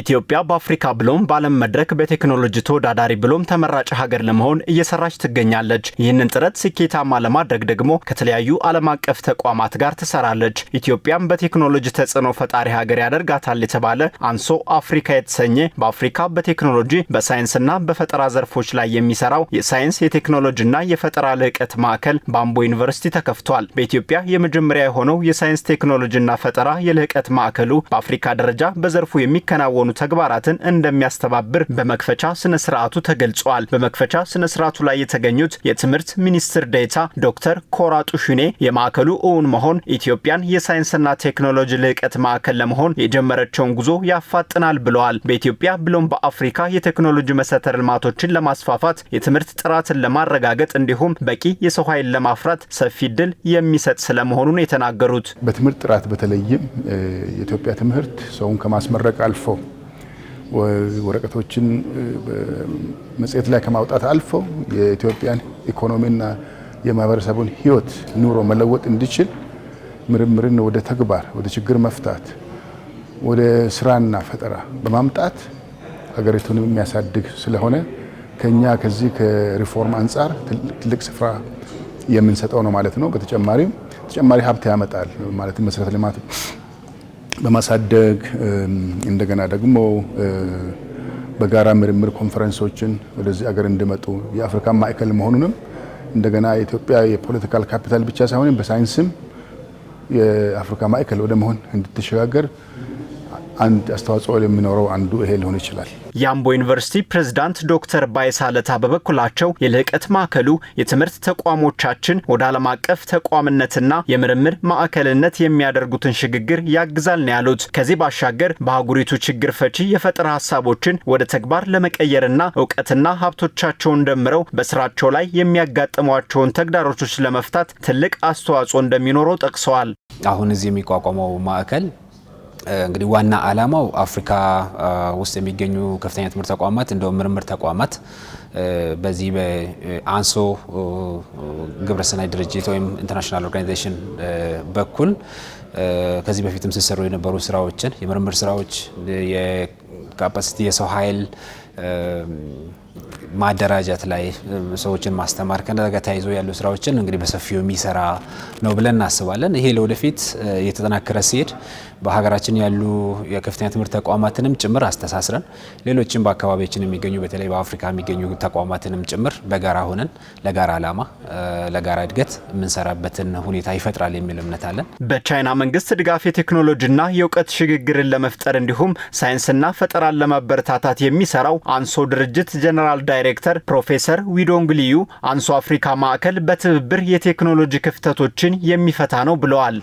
ኢትዮጵያ በአፍሪካ ብሎም በዓለም መድረክ በቴክኖሎጂ ተወዳዳሪ ብሎም ተመራጭ ሀገር ለመሆን እየሰራች ትገኛለች። ይህንን ጥረት ስኬታማ ለማድረግ ደግሞ ከተለያዩ ዓለም አቀፍ ተቋማት ጋር ትሰራለች። ኢትዮጵያም በቴክኖሎጂ ተጽዕኖ ፈጣሪ ሀገር ያደርጋታል የተባለ አንሶ አፍሪካ የተሰኘ በአፍሪካ በቴክኖሎጂ በሳይንስና በፈጠራ ዘርፎች ላይ የሚሰራው የሳይንስ የቴክኖሎጂና የፈጠራ ልዕቀት ማዕከል በአምቦ ዩኒቨርሲቲ ተከፍቷል። በኢትዮጵያ የመጀመሪያ የሆነው የሳይንስ ቴክኖሎጂና ፈጠራ የልዕቀት ማዕከሉ በአፍሪካ ደረጃ በዘርፉ የሚከናወኑ የሆኑ ተግባራትን እንደሚያስተባብር በመክፈቻ ስነ ስርዓቱ ተገልጿል። በመክፈቻ ስነ ስርዓቱ ላይ የተገኙት የትምህርት ሚኒስትር ዴታ ዶክተር ኮራ ጡሹኔ የማዕከሉ እውን መሆን ኢትዮጵያን የሳይንስና ቴክኖሎጂ ልዕቀት ማዕከል ለመሆን የጀመረችውን ጉዞ ያፋጥናል ብለዋል። በኢትዮጵያ ብሎም በአፍሪካ የቴክኖሎጂ መሰረተ ልማቶችን ለማስፋፋት የትምህርት ጥራትን ለማረጋገጥ እንዲሁም በቂ የሰው ኃይል ለማፍራት ሰፊ እድል የሚሰጥ ስለመሆኑን የተናገሩት በትምህርት ጥራት በተለይም የኢትዮጵያ ትምህርት ሰውን ከማስመረቅ አልፎ ወረቀቶችን መጽሔት ላይ ከማውጣት አልፈው የኢትዮጵያን ኢኮኖሚና የማህበረሰቡን ህይወት ኑሮ መለወጥ እንዲችል ምርምርን ወደ ተግባር፣ ወደ ችግር መፍታት፣ ወደ ስራና ፈጠራ በማምጣት ሀገሪቱን የሚያሳድግ ስለሆነ ከኛ ከዚህ ከሪፎርም አንጻር ትልቅ ስፍራ የምንሰጠው ነው ማለት ነው። በተጨማሪም ተጨማሪ ሀብት ያመጣል ማለት መሰረተ ልማት በማሳደግ እንደገና ደግሞ በጋራ ምርምር ኮንፈረንሶችን ወደዚህ አገር እንዲመጡ የአፍሪካ ማዕከል መሆኑንም እንደገና የኢትዮጵያ የፖለቲካል ካፒታል ብቻ ሳይሆን በሳይንስም የአፍሪካ ማዕከል ወደ መሆን እንድትሸጋገር አንድ አስተዋጽኦ የሚኖረው አንዱ ይሄ ሊሆን ይችላል። የአምቦ ዩኒቨርሲቲ ፕሬዝዳንት ዶክተር ባይሳ ለታ በበኩላቸው የልህቀት ማዕከሉ የትምህርት ተቋሞቻችን ወደ ዓለም አቀፍ ተቋምነትና የምርምር ማዕከልነት የሚያደርጉትን ሽግግር ያግዛል ነው ያሉት። ከዚህ ባሻገር በአህጉሪቱ ችግር ፈቺ የፈጠራ ሀሳቦችን ወደ ተግባር ለመቀየርና እውቀትና ሀብቶቻቸውን ደምረው በስራቸው ላይ የሚያጋጥሟቸውን ተግዳሮቶች ለመፍታት ትልቅ አስተዋጽኦ እንደሚኖረው ጠቅሰዋል። አሁን እዚህ የሚቋቋመው ማዕከል እንግዲህ ዋና ዓላማው አፍሪካ ውስጥ የሚገኙ ከፍተኛ ትምህርት ተቋማት እንደውም ምርምር ተቋማት በዚህ በአንሶ ግብረሰናይ ድርጅት ወይም ኢንተርናሽናል ኦርጋናይዜሽን በኩል ከዚህ በፊትም ሲሰሩ የነበሩ ስራዎችን የምርምር ስራዎች የካፓሲቲ የሰው ኃይል ማደራጀት ላይ ሰዎችን ማስተማር ከነዛ ጋር ተያይዞ ያሉ ስራዎችን እንግዲህ በሰፊው የሚሰራ ነው ብለን እናስባለን። ይሄ ለወደፊት እየተጠናከረ ሲሄድ በሀገራችን ያሉ የከፍተኛ ትምህርት ተቋማትንም ጭምር አስተሳስረን ሌሎችም በአካባቢያችን የሚገኙ በተለይ በአፍሪካ የሚገኙ ተቋማትንም ጭምር በጋራ ሆነን ለጋራ ዓላማ ለጋራ እድገት የምንሰራበትን ሁኔታ ይፈጥራል የሚል እምነት አለን። በቻይና መንግስት ድጋፍ የቴክኖሎጂና የእውቀት ሽግግርን ለመፍጠር እንዲሁም ሳይንስና ፈጠራን ለማበረታታት የሚሰራው አንሶ ድርጅት ጀነራል ዳይሬክተር ፕሮፌሰር ዊዶንግ ልዩ አንሶ አፍሪካ ማዕከል በትብብር የቴክኖሎጂ ክፍተቶችን የሚፈታ ነው ብለዋል።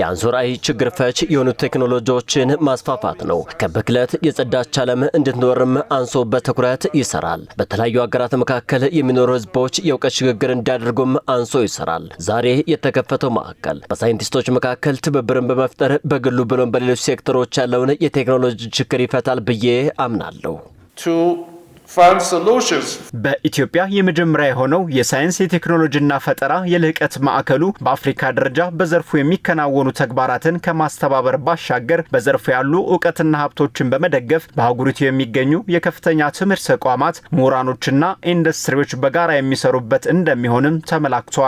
የአንሶ ራዕይ ችግር ፈች የሆኑ ቴክኖሎጂዎችን ማስፋፋት ነው። ከብክለት የጸዳች ዓለም እንድትኖርም አንሶ በትኩረት ይሰራል። በተለያዩ ሀገራት መካከል የሚኖሩ ህዝቦች የእውቀት ሽግግር እንዲያደርጉም አንሶ ይሰራል። ዛሬ የተከፈተው ማዕከል በሳይንቲስቶች መካከል ትብብርን በመፍጠር በግሉ ብሎም በሌሎች ሴክተሮች ያለውን የቴክኖሎጂ ችግር ይፈታል ብዬ አምናለሁ። በኢትዮጵያ የመጀመሪያ የሆነው የሳይንስ የቴክኖሎጂና ፈጠራ የልህቀት ማዕከሉ በአፍሪካ ደረጃ በዘርፉ የሚከናወኑ ተግባራትን ከማስተባበር ባሻገር በዘርፉ ያሉ እውቀትና ሀብቶችን በመደገፍ በአህጉሪቱ የሚገኙ የከፍተኛ ትምህርት ተቋማት ምሁራኖችና ኢንዱስትሪዎች በጋራ የሚሰሩበት እንደሚሆንም ተመላክቷል።